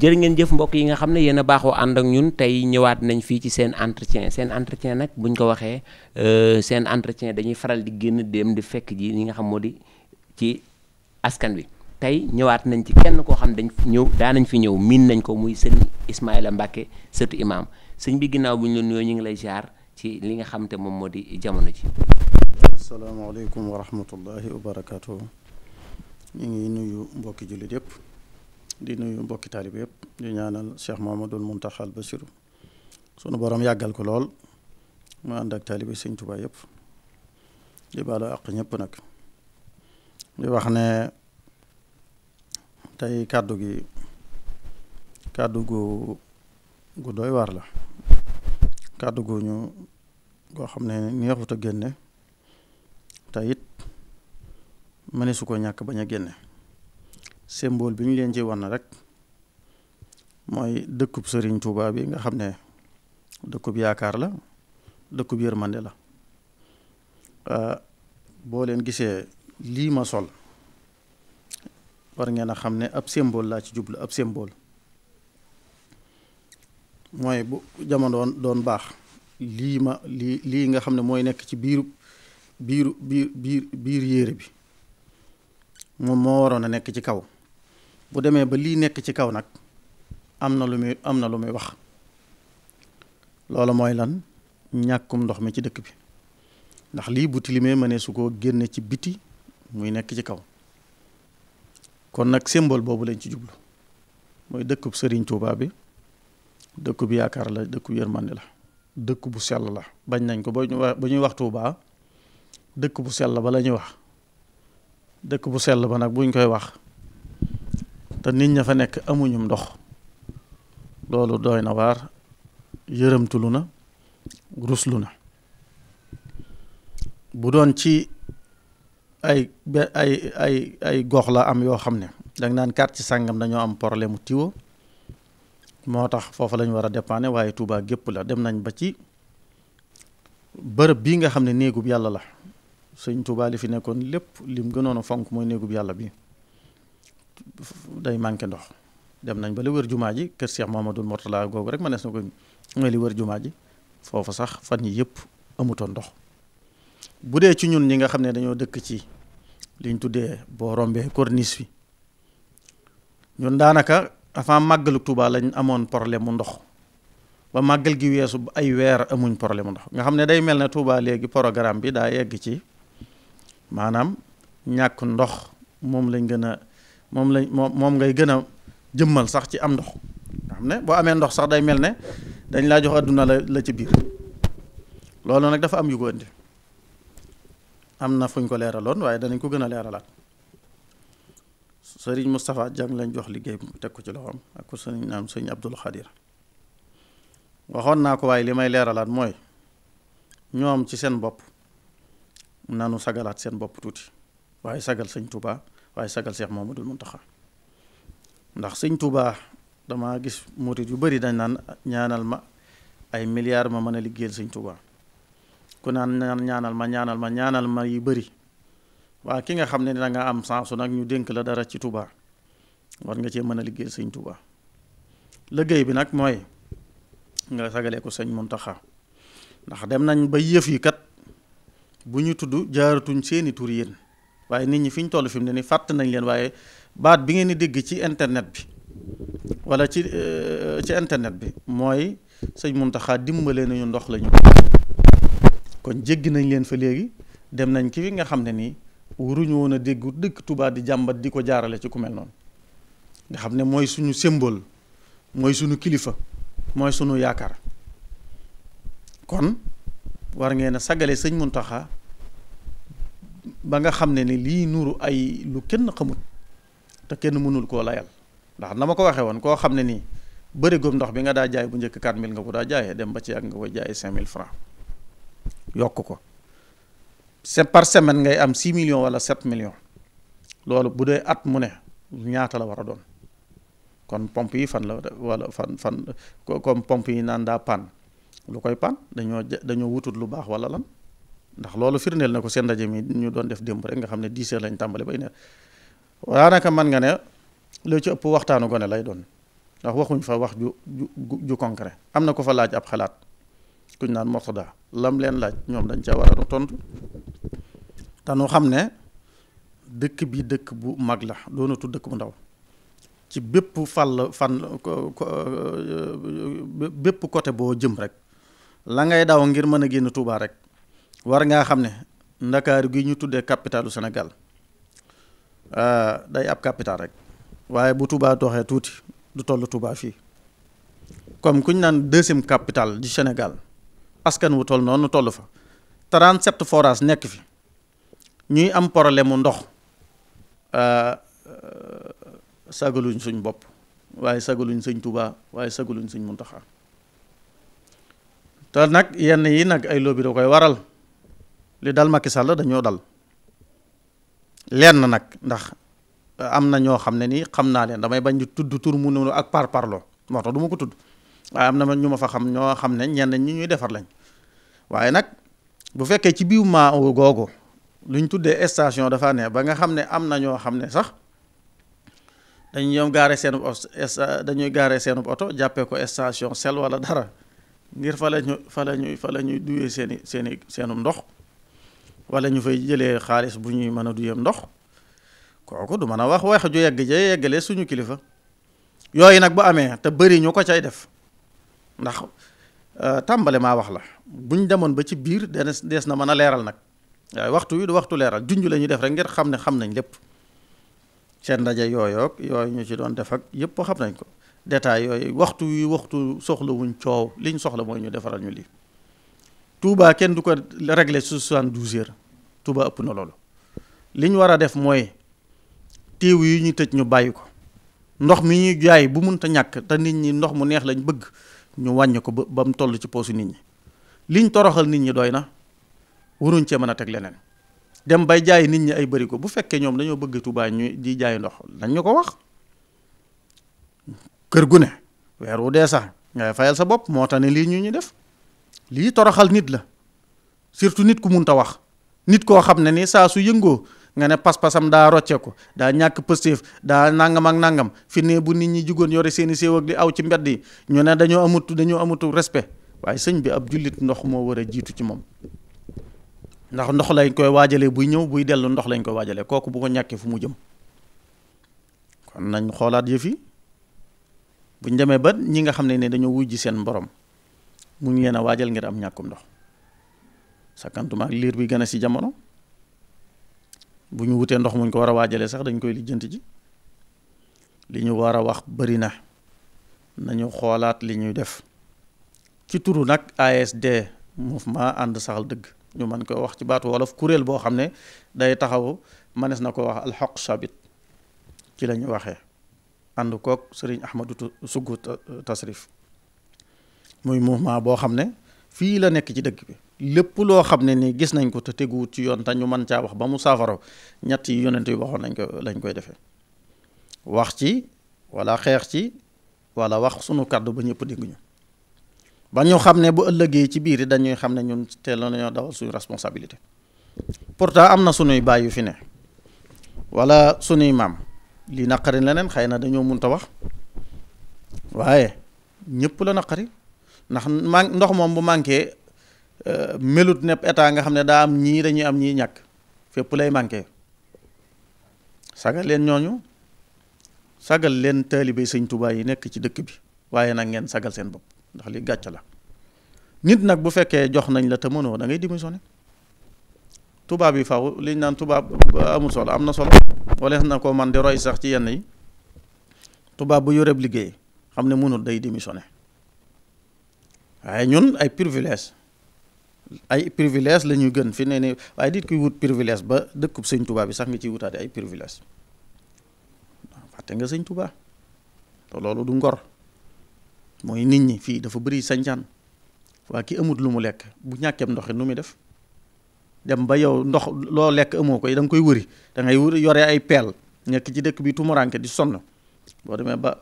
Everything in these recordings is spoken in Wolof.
jërë ngeen jëf mbokk yi nga xam ne yéen a baaxoo ànd ak ñun tey ñëwaat nañ fii ci seen entretien seen entretien nag buñ ko waxee euh, seen entretien dañuy faral di génn dem di fekk ji ñi nga xam moo di ci askan wi tey ñëwaat nañ ci kenn koo xam dañ ñëw daa nañ fi ñëw miin nañ ko muy sëñ Ismaïla Mbacke sëtu imaam sëñ bi ginnaaw bu ñu la nuyoo ñu ngi lay ziar ci li nga xam te moom moo di jamono ji. asalaamaaleykum wa rahmatullahi wa barakaatu. ñu ngi nuyu mbokki jullit yëpp. di nuyu mbokki taalib yëpp di ñaanal Cheikh Mamadul Muntaxa al Basiru sunu boroom yàggal ko lool mu ànd ak taalibi sëñ Tuubaa yëpp di baalu àq ñëpp nag di wax ne tey kàddu gi kàddu gu gu war la kàddu gu ñu goo xam ne neexut a génne te it mëne su ko ñàkk bañ a génne symbole bi ñu leen ci wan rek mooy dëkkub sëriñ Touba bi nga xam ne dëkkub yaakaar la dëkkub yërmande la euh, boo leen gisee lii ma sol war ngeen a xam ne ab symbole laa ci jublu ab symbole mooy bu jamono doon baax lii ma lii lii nga xam ne mooy nekk ci biiru biiru biir biir biir yére bi moom moo waroon a nekk ci kaw bu demee ba lii nekk ci kaw nag am na lu muy am na lu muy wax loolu mooy lan ñàkkum ndox mi ci dëkk bi ndax lii bu tilimee ma ne su ko génne ci biti muy nekk ci kaw kon nag symbole boobu lañ ci jublu mooy dëkkub Serigne Touba bi dëkkub yaakaar la dëkkub yërmande la dëkk bu sell la bañ nañ ko ba ñuy wax tuubaa dëkk bu sell ba la ñuy wax dëkk bu sell ba nag buñ koy wax te nit ña fa nekk amuñum ndox loolu doy na waar yërëmtulu na ruslu na bu doon ci ay ay ay ay gox la am yoo xam ne danga naan quartier ci sàngam dañoo am problème mu tiwo moo tax foofa lañu war a dépanner waaye Touba gépp la dem nañ ba ci bërëb bii nga xam ne néegub yàlla la sëñ Touba li fi nekkoon lépp lim gënoon fonk mooy néegub yàlla bi day manqué ndox dem nañ ba li wër jumaa ji kër Cheikh Mamadou Mourtala googu rek mënees na ko mooy li wër jumaa ji foofu sax fan yi yëpp amutoon ndox bu dee ci ñun ñi nga xam ne dañoo dëkk ci liñ tuddee boo rombee corniche bi ñun daanaka avant màggalu Tuubaa lañ amoon problème mu ndox ba màggal gi weesu ay weer amuñ problème mu ndox nga xam ne day mel ne Tuubaa léegi programme bi daa yegg ci maanaam ñàkk ndox moom lañ gën a moom lañ moom moom ngay gën a jëmmal sax ci am ndox nga ne boo amee ndox sax day mel ne dañ laa jox adduna la la ci biir loolu nag dafa am yu ko am na fuñ ko leeraloon waaye danañ ko gën a leeralaat sëriñ Moustapha Jàng lañ jox liggéey mu teg ko ci loxoom ak ko sëriñ naam sëriñ Abdul Xadir waxoon naa ko waaye li may leeralaat mooy ñoom ci seen bopp nanu sagalaat seen bopp tuuti waaye sagal sëñ tubaa waaye sagal Cheikh Mouhamadoul taxa ndax sëñ Touba damaa gis murit yu bari dañ naan ñaanal ma ay milliards ma mën a liggéey suñ Touba ku naan naan ñaanal ma ñaanal ma ñaanal ma yu bari waa ki nga xam ne danga am sansu nag ñu dénk la dara ci Touba war nga cee mën a liggéey sëñ Touba liggéey bi nag mooy nga sagalee ko sëñ Mountakha ndax dem nañ ba yëf yi kat bu ñu tudd jaaratuñ seeni tur yéen waaye nit ñi fi ñu toll fi mu ne nii fàtt nañ leen waaye baat bi ngeen di dégg ci internet bi wala ci euh, ci internet bi mooy sëñ Muntaxa dimbale nañu ndox lañu kon jéggi nañ leen fa léegi dem nañ ki nga xam ne nii waruñu woon a dégg dëkk Tuubaa di jàmbat di ko jaarale ci ku mel noonu nga xam ne mooy suñu symbole mooy suñu kilifa mooy suñu yaakaar kon war ngeen a sagale sëñ Muntaxa ba nga xam ne ni lii nuru ay lu kenn xamut te kenn mënul koo layal ndax na ma ko waxee woon koo xam ne nii bërigoom ndox bi nga daa jaay bu njëkk 4000 nga ko daa jaayee dem ba ci yàgg nga koy jaayee 5000 francs yokk ko c'est par semaine ngay am 6 million wala 7 millions loolu bu dee at mu ne ñaata la war a doon kon pompe yi fan la wala fan fan comme pompe yi naan daa pan lu koy pan dañoo dañoo wutut lu baax wala lan. ndax loolu firndeel na ko seen ndaje mi ñu doon def démb rek nga xam ne dix heures lañ tàmbale bay ne daanaka man nga ne lu ci ëpp waxtaanu gone lay doon ndax waxuñ fa wax ju ju concret am na ko fa laaj ab xalaat kuñ naan Mortada lam leen laaj ñoom dañ caa war a tontu te xam ne dëkk bi dëkk bu mag la doonatu dëkk bu ndaw ci bépp fàll fan euh, bépp côté boo jëm rek la ngay daw ngir mën a génn Tuubaa rek war ngaa xam ne ndakaar gi ñu tuddee capitalu Sénégal ah, day ab capital rek waaye bu tubaa doxee tuuti du toll Touba fii comme ku ñu naan deuxième capital di senegal askan wu toll noonu toll fa 37 forage nekk fi ñuy am problème mu ndox ah, ah, sagaluñ suñ bopp waaye sagaluñ suñ Touba waaye sagaluñ suñ Muntaxa te nag yenn yi nag ay lobby da koy waral. li dal Macky Sall dañoo dal lenn nag ndax euh, am na ñoo xam ne nii xam naa leen damay bañ di tudd tur mu noonu ak par parlo moo tax duma ko tudd waaye am na ñu ma fa xam ñoo xam ne ñenn ñi ñuy defar lañ waaye nag bu fekkee ci biir maa googu luñ tuddee station dafa ne ba nga xam ne am na ñoo xam ne sax dañu ñoom gaare seen dañuy gaare seen oto jàppee ko station sel wala dara ngir fa la ñu fa la ñuy seeni la ñuy ndox wala ñu fay jëlee xaalis bu ñuy mën a du duyam ndox kooku du mën a wax wax ju yegg jee yeggale suñu kilifa yooyu nag bu amee te bëri ñu ko cay def ndax euh, tàmbali maa wax la buñ demoon ba ci biir des dees na mën a leeral nag waaye waxtu wi du waxtu leeral junj la ñuy def rek ngir xam ne xam nañ lépp seen ndaje yooyoog yooyu ñu ci doon defak ak yëpp xam nañ ko détail yooyu waxtu wi waxtu soxlawuñ coow liñ soxla mooy ñu defaral ñu lii Touba kenn du ko régler su soixante-douze heures tubaa ëpp na loolu liñ war a def mooy téew yi ñu tëj ñu bàyyi ko ndox mi ñuy jaay bu munta ñàkk te nit ñi ndox mu neex lañ bëgg ñu wàññi ko ba ba mu toll ci poosu nit ñi liñ toroxal nit ñi doy na waruñ cee mën a teg leneen dem bay jaay nit ñi ay bari ko bu fekkee ñoom dañoo bëgg tubaa ñu di jaay ndox dañ ñu ko wax kër gu ne weer wu dee sax ngay fayal sa bopp moo tax ne lii ñu ñuy def lii toroxal nit la surtout nit ku munta wax nit koo xam ne ni saa su yëngoo nga ne pas-pasam daa ko daa ñàkk pëstéef daa nangam ak nangam fi ne bu nit ñi jugoon yore seeni séew ak li aw ci mbedd yi ñu ne dañoo amut dañoo amutu respect waaye sëñ bi ab jullit ndox moo war a jiitu ci moom ndax ndox lañ koy waajalee buy ñëw buy dellu ndox lañ koy waajalee kooku bu ko ñàkkee fu mu jëm kon nañ xoolaat yëfi yi buñ demee ba ñi nga xam ne ne dañoo wujji seen mborom mu ngi leen a waajal ngir am ñàkkum ndox sakkantuma ak liir bi gën ci jamono bu ñu wutee ndox muñ ko war a waajalee sax dañ koy lijjanti ji li ñu war a wax bëri na nañu xoolaat li ñuy def ci turu nag ASD ma ànd saxal dëgg ñu mën koy wax ci baatu wolof kuréel boo xam ne day taxaw mënees na ko wax alxaq sabit ci lañuy waxe ànd koog sëriñ Ahmadou Sougou Tasrif muy mouvement boo xam ne fii la nekk ci dëgg bi lépp loo xam ne nii gis nañ ko te teguwut ci yoon te ñu mën caa wax ba mu saafaro ñett yi yonent yi waxoon nañ ko lañ koy defee wax ci wala xeex ci wala wax sunu kàddu ba ñëpp dégg ñu ba ñu xam ne bu ëllëgee ci biir dañuy xam ne ñun teel nañoo dawal suñu responsabilité pourtant am na sunuy baay yu fi ne wala sunuy maam lii naqari leneen xëy na dañoo munta wax waaye ñépp la naqari ndax man ndox moom bu manqué melut nepp état nga xam ne daa am ñii dañuy am ñii ñàkk fépp lay manqué sagal leen ñooñu sagal leen taalibe sëñ Tuubaa yi nekk ci dëkk bi waaye nag ngeen sagal seen bopp ndax li gàcc la nit nag bu fekkee jox nañ la te mënoo da ngay démissionné tubaab yi faw liñ naan tubaab amul solo am na solo wala na ko man di roy sax ci yenn yi tubaab bu yoreb liggéey xam ne mënul day démissionné waaye ñun ay privilège ay privilège la ñuy gën fi ne ne waaye nit kuy wut privilège ba dëkku sëñ Tuubaa bi sax nga ciy wutaate ay privilège fàtte nga sëñ Tuubaa te loolu du ngor mooy nit ñi fii dafa bari sañcaan waa ki amut lu mu lekk bu ñàkkeem ndoxi nu muy def dem ba yow ndox loo lekk amoo ko da koy wëri da ngay wëri yore ay peel nekk ci dëkk bi tumuranke di sonn boo demee ba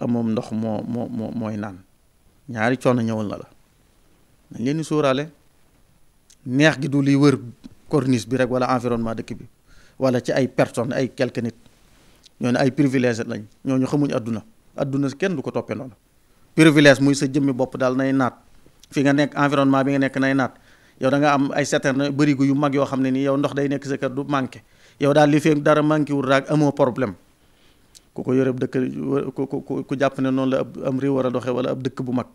amoom ndox moo moo moo mooy naan ñaari coono ñëwal na la dañ leen di sóoraale neex gi du liy wër corniche bi rek wala environnement dëkk bi wala ci ay personnes ay quelques nit ñoo ne ay privilège lañ ñu xamuñ àdduna àdduna kenn du ko toppee noonu privilège muy sa jëmmi bopp daal nay naat fi nga nekk environnement bi nga nekk nay naat yow danga am ay certain bërigo yu mag yoo xam ne nii yow ndox day nekk sa kër du manqué yow daal li fekk dara manqué wul raag amoo problème ku ko yore dëkk ku ku jàpp ne noonu la ab am a doxee wala ab dëkk bu mag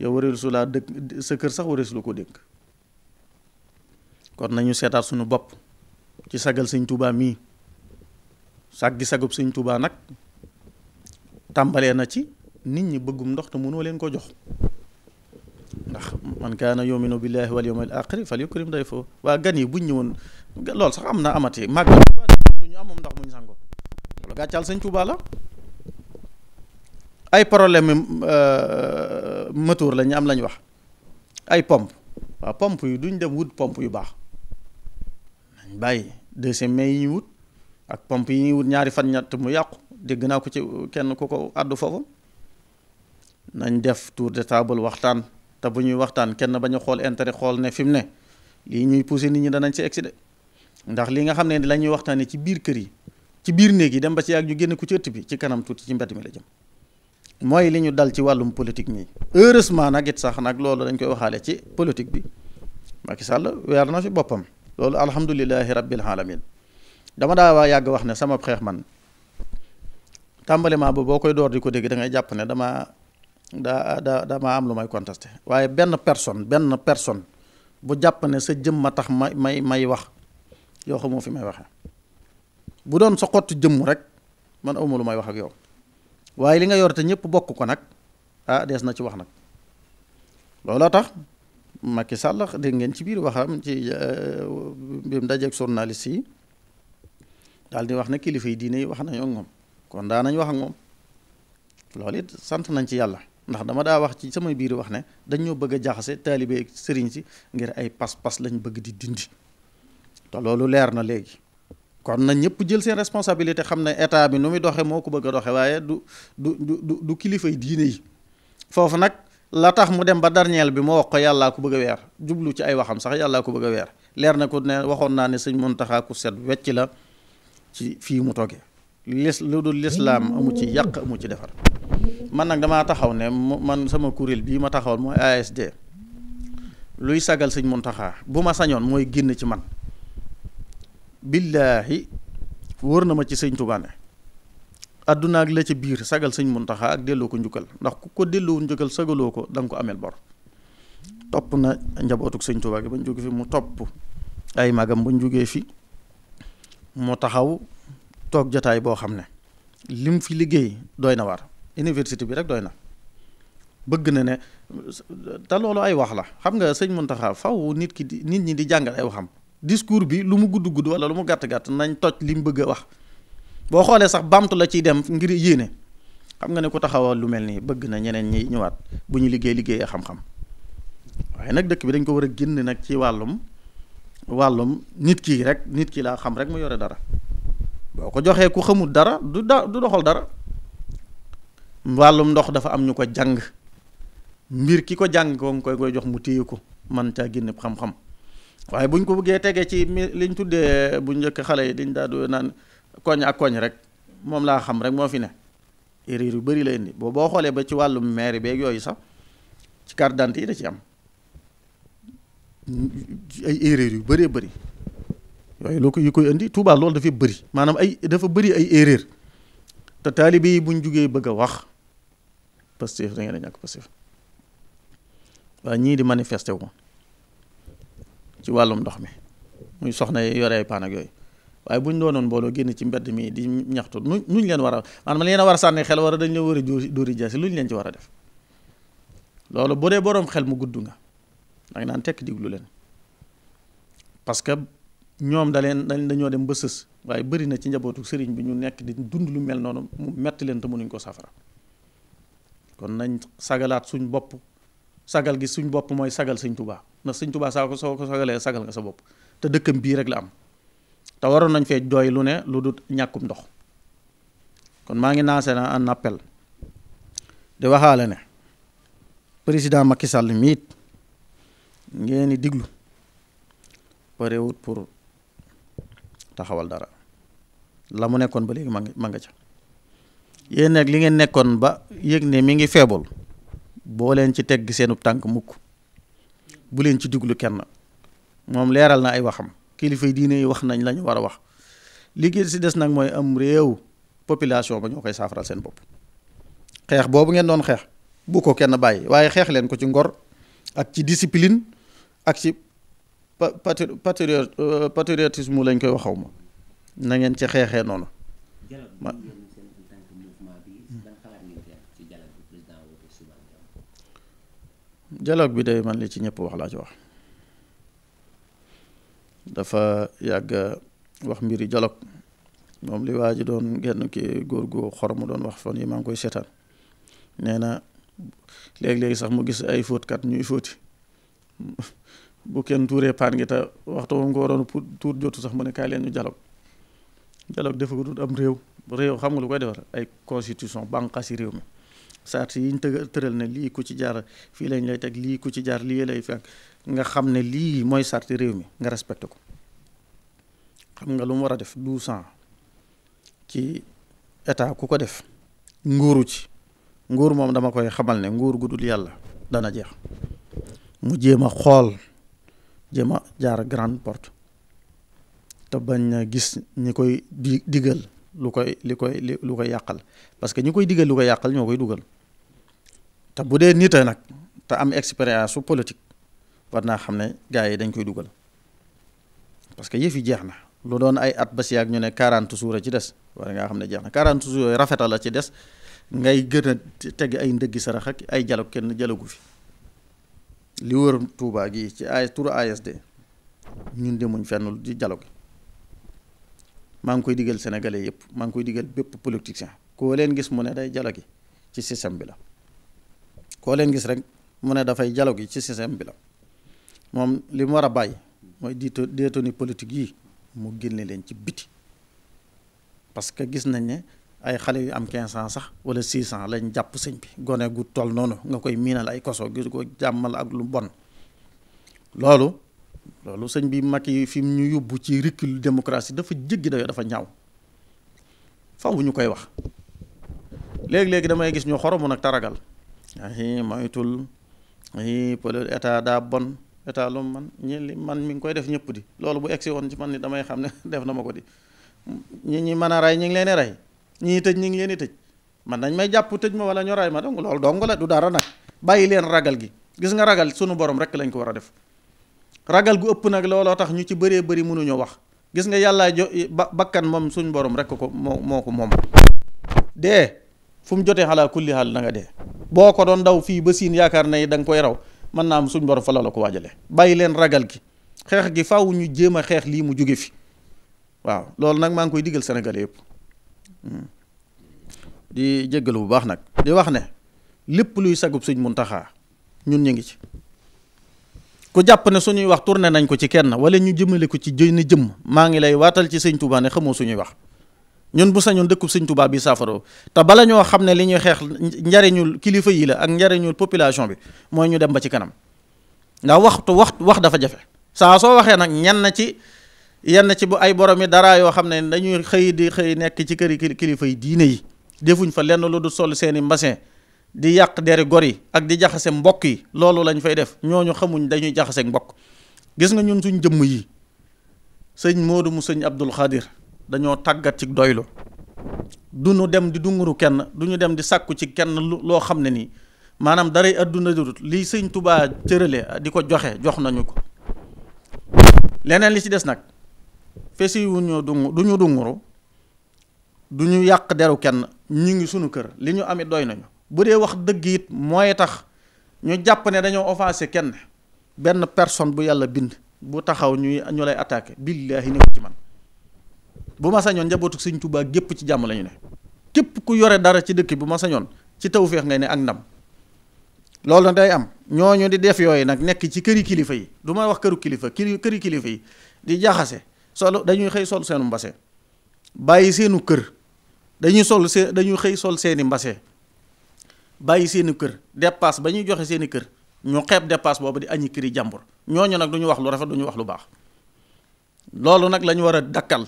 yow wareelu su laa dëkk sa kër sax wareelu su la ko dénk kon nañu seetaat suñu bopp ci sagal sëñ tubaa mii saggi sagub sëñ tubaa nag tàmbalee na ci nit ñi bëggum ndox te munoo leen ko jox ndax man kaana yuminu billahi wal yawmil aaxiri fal yukrim day foo waa gan yi buñ ñëwoon loolu sax am na amati màgg duñu amum ndox muñ sango loolu gàccaal sëñ Tuubaa la ay problème euh, moteur la ñu am la ñu wax ay pompe waaw pompe yu duñ dem wut pompe yu baax nañ bàyyi deuxième mais yi ñuy wut ak pompe yi ñu wut ñaari fan ñett mu yàqu dégg naa ko ci kenn ku ko àddu foofu nañ def tour de table waxtaan te bu ñuy waxtaan kenn bañ a xool intérêt xool ne fi mu ne lii ñuy pousser nit ñi danañ si excédé ndax li nga xam ne la ñuy waxtaanee ci biir kër yi ci biir néeg yi dem ba ci yàgg ñu génn ko ci ëtt bi ci kanam tuuti ci mbedd mi la jëm mooy li ñu dal ci wàllum politique mi heureusement nag it sax nag loolu dañ koy waxaale ci politique bi Macky Sall weer na fi boppam loolu alhamdulilahi rabbil alamin dama daa yàgg wax ne sama xeex man tàmbaliment ba boo koy door di ko dégg da ngay jàpp ne dama daa da dama am lu may contesté waaye benn personne benn personne bu jàpp ne sa jëm ma tax ma may may wax yoo xamoo fi may waxee bu doon sa xottu jëmm rek man awma lu may wax ak yow waaye li nga yor te ñëpp bokk ko nag ah dees na ci wax nag looloo tax Macky Sall dégg ngeen ci biir waxam ci euh, bi mu dajeeg journaliste yi daal di wax ne kilifa yi diine yi wax nañoo ak moom kon daa nañ wax ak moom loolu it sant nañ ci yàlla ndax dama daa wax ci samay biir wax ne dañoo bëgg a jaxase taalibe sëriñ si ngir ay pas-pas lañ bëgg di dindi te loolu leer na léegi kon na ñëpp jël seen responsabilité xam na état bi nu muy doxe moo ko bëgg a doxe waaye du du du du kilifay diine yi foofu nag la tax mu dem ba darñeel bi moo wax ko yàllaa ko bëgg a weer jublu ci ay waxam sax yàllaa ko bëgg a weer leer na ko ne waxoon naa ne sëñ Muntaxa ku set wecc la ci fii mu toggee dul lislaam amu ci yàq amu ci defar man nag damaa taxaw ne man sama kuréel bii ma taxawal mooy ASD luy sagal sëñ Muntaxa bu ma sañoon mooy génn ci man billaahi wër na ma ci sëñ Tuubaa ne ak la ci biir sagal sëñ Muntaxa ak delloo ko njukkal ndax ku ko delloo njukkal sagaloo ko danga ko ameel bor topp na njabootuk sëñ Tuubaa gi bañ jóge fi mu topp ay magam bañ jógee fi mu taxaw toog jataay boo xam ne lim fi liggéey doy na war université bi rek doy na bëgg na ne te loolu ay wax la xam nga sëñ Muntaxa faw nit ki nit ñi di jàngal ay waxam discours bi lu mu gudd gudd wala lu mu gàtt gàtt nañ toj li mu bëgg a wax boo xoolee sax bamtu la ciy dem ngir yéene xam nga ne ko taxawal lu mel nii bëgg na ñeneen ñi ñëwaat bu ñu liggéey liggéeyee xam-xam waaye nag dëkk bi dañ ko war a génn nag ci wàllum wàllum nit kii rek nit ki laa xam rek mu yore dara boo ko joxee ku xamul dara du da du doxal dara wàllum ndox dafa am ñu ko jàng mbir ki ko jàng ko nga koy koy jox mu téye ko man caa génne xam-xam. waaye buñ ko bëggee tegee ci mi liñ tuddee bu njëkk xale yi diñ daadu naan koñ ak koñ rek moom laa xam rek moo fi ne erreur yu bari la indi boo boo xoolee ba ci wàllum maire beeg yooyu sax ci carte dant yi da ci am ay erreur yu baree bari yooyu loo ko yu koy indi Touba loolu dafay bëri maanaam ay dafa bëri ay erreur te taalibe yi buñ jugee bëgg a wax Pastef da ngeen a ñàkk Pastef waaye ñii di manifester wu ci wàllum ndox mi muy soxna yi yore paan ak yooyu waaye bu ñu doonoon mbooloo génn ci mbedd mii di ñaxtu nu nuñ leen war a maanaam leen a war a sànni xel war a dañ leen war a dóori jaasi luñ leen ci war a def loolu bu dee boroom xel mu gudd nga danga naan tekk diglu leen parce que ñoom daleen leen dañoo dem ba sës waaye bëri na ci njabootu sëriñ bi ñu nekk di dund lu mel noonu mu metti leen te mënuñ ko safara kon nañ sagalaat suñ bopp sagal gi suñ bopp mooy sagal sëñ Tuubaa ndax sëñ tubaa saa ko soo ko sagalee sagal nga sa bopp te dëkkam bii rek la am te waroon nañ fee doy lu ne lu dul ñàkkum ndox kon maa ngi lancé na un appel di waxaale ne président Macky sàll miit ngeen di diglu parewut pour taxawal dara la mu nekkoon ba léegi ma nga ca yéen nag li ngeen nekkoon ba yëg ne mi ngi feebul boo leen ci tegg seenub tànk mukk bu leen ci diglu kenn moom leeral na ay waxam kilifa yi diine yi wax nañ lañu war a wax liggéey si des nag mooy am réew population ba ñoo koy saafaral seen bopp xeex boobu ngeen doon xeex bu ko kenn bàyyi waaye xeex leen ko ci ngor ak ci discipline ak ci euh, patriotisme lañ koy waxaw ma na ngeen ci xeexee noonu dialogue bi day man li ci ñépp wax laa ci wax dafa yàgga wax mbiri dialogue moom li waa ji doon genn ki góor gu xor mu doon wax fan yi maa ngi koy seetaan nee na léegi-léegi sax mu gis ay fóotkat ñuy fóoti bu kenn tuuree paan gi te waxtu moom ko waroon pour tuur jotu sax mu ne kaay leen ñu dialogue dialogue dafa ko dut am réew réew xam nga lu koy defar ay constitution si réew mi sart yi ñu të tëral ne lii ku ci jaar fii lañ lay teg lii ku ci jaar lii lay fekk nga xam ne lii mooy sarti réew mi nga respecté ko xam nga lu mu war a def douze ans ci état ku ko def nguuru ci nguur moom dama koy xamal ne nguur gudul yàlla dana jeex mu jéem a xool jéem a jaar grande port te bañ a gis ñu koy di digal lu koy li koy li lu koy yàqal parce que ñi koy digal lu ko yàqal ñoo koy dugal te bu dee nit a nag te am expérience su politique war naa xam ne gars yi dañ koy dugal parce que yëf yi jeex na lu doon ay at ba ak ñu ne 40 jours ci des war ngaa xam ne jeex na 40 jours yooyu rafetal la ci des ngay gën teg ay ndëggi sarax ak ay jalo kenn jalagu fi li wër tuubaa gi ci ay turu ASD ñun demuñ fenn di jalo gi maa ngi koy digal sénégalais yëpp maa ngi koy digal bépp politicien koo leen gis mu ne day jalo gi ci système bi la koo leen gis rek mu ne dafay jalo gi ci système bi la moom li mu war a bàyyi mooy diito déetoni politique yi mu génne leen ci biti parce que gis nañ ne ay xale yu am 500 sax wala 600 lañ jàpp sëñ bi gone gu toll noonu nga koy miinal ay koso gis ko jàmmal ak lu bon loolu loolu sëñ bi Macky fi mu ñu yóbbu ci recul démocratie dafa jéggi dayoo dafa ñaaw faw ñu koy wax léegi-léegi damay gis ñu xoromu nag taragal ayi moytul ayi peut état daa bon état lu man ñi li man mi ngi koy def ñëpp di loolu bu egsi woon ci man ni damay xam ne def na ma ko di ñi ñi mën a rey ñi ngi leen rey ñii tëj ñi ngi leen tëj man nañ may jàpp tëj ma wala ñu rey ma dong loolu dong la du dara nag bàyyi leen ragal gi gis nga ragal sunu borom rek lañ ko war a def ragal gu ëpp nag looloo tax ñu ci baree bari mënuñoo wax gis nga yàllaa jo bakkan moom suñ borom rek ko moo moo ko moom dee fu mu jotee xalaa kulli xaal na nga dee boo ko doon daw fii ba siin yaakaar na da danga koy raw mën naa am suñ borom fa la la ko waajale bàyyi leen ragal gi xeex gi faw ñu jéem a xeex lii mu jóge fi waaw loolu nag maa ngi koy digal Sénégalais yëpp hmm. di jéggalu bu baax nag di wax ne lépp luy sagub suñ Muntaxa ñun ñu ngi ci ku jàpp ne suñuy wax tourné nañ ko ci kenn wala ñu jëmale ko ci jëy na jëmm maa ngi lay waatal ci sëñ Touba ne xamoo suñuy wax ñun bu sañoon dëkkub sëñ Touba bi saafaro te bala ñoo xam ne li ñuy xeex njariñul kilifa yi la ak njariñul population bi mooy ñu dem ba ci kanam ndax waxtu wax wax dafa jafe saa soo waxee nag ñenn ci yenn ci bu ay borom yi dara yoo xam ne dañuy xëy di xëy nekk ci këri kilifa yi diine yi defuñ fa lenn lu dul sol seeni mbasin di yàq deri gor yi ak di jaxase mbokk yi loolu lañu fay def ñooñu xamuñ dañuy jaxase mbokk gis nga ñun suñ jëmm yi sëñ Moodu mu sëñ Abdul Xaadir dañoo tàggat ci doylu du ñu dem di dunguru kenn du ñu dem di sàkku ci kenn loo xam ne nii maanaam daray adduna dudut lii sëñ Tubaa cërale di ko joxe jox nañu ko leneen li ci des nag fesi wu ñu du ñu dunguru du ñu yàq deru kenn ñu ngi sunu kër li ñu amit doy nañu bu dee wax dëgg it mooy tax ñu jàpp ne dañoo offensé kenn benn personne bu yàlla bind bu taxaw ñuy ñu lay attaqué billaahi ne ci man bu ma sañoon njabootu Sëñ tubaa gépp ci jàmm la ñu ne képp ku yore dara ci dëkk bu ma sañoon ci feex ngay ne ak ndam loolu nag day am ñooñu di def yooyu nag nekk ci këri kilifa yi du wax këru kilifa këri këri kilifa yi di jaxase sol dañuy xëy sol seenu mbase bàyyi seenu kër dañuy sol see dañuy xëy sol seeni mbase bàyyi seen i kër dépasse ba ñuy joxe seen i kër ñu xeeb dépasse boobu di añi këri jàmbur ñooñu nag du ñu wax lu rafet du ñu wax lu baax loolu nag lañu war a dakkal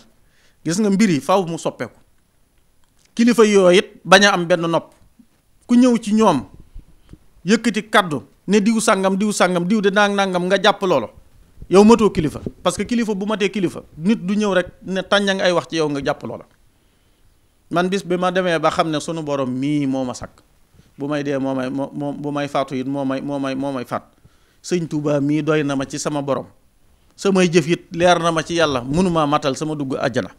gis nga mbir yi faaw mu soppeeku kilifa yooyu it bañ a am benn nopp ku ñëw ci ñoom yëkkati kaddu ne diw sangam diw sangam diw de nangam nga jàpp loolu yow matoo kilifa parce que kilifa bu matee kilifa nit du ñëw rek ne tàñña nga ay wax ci yow nga jàpp loola man bis bi ma demee ba xam ne sunu borom mii moo ma sakk bu may dee moo may moo moo bu may faatu it moo may moo may moo may faat sëñ Tuubaa mii doy na ma ci sama borom samay jëf it leer na ma ci yàlla mënumaa matal sama dugg àjjana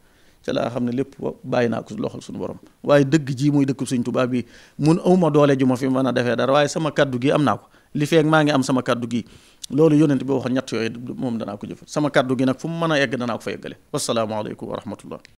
ca laa xam ne lépp bàyyi naa ko loxol suñu borom waaye dëgg jii muy dëkk sëñ Tuubaa bi mun awma doole ju ma fi mën a defee dara waaye sama kaddu gi am naa ko li feeg maa ngi am sama kàddu gi loolu yonent bi waxoon ñett yooyu moom danaa ko jëf sama kàddu gi nag fu mu mën a egg danaa ko fa yeggale wasalaamaaleykum wa rahmatullah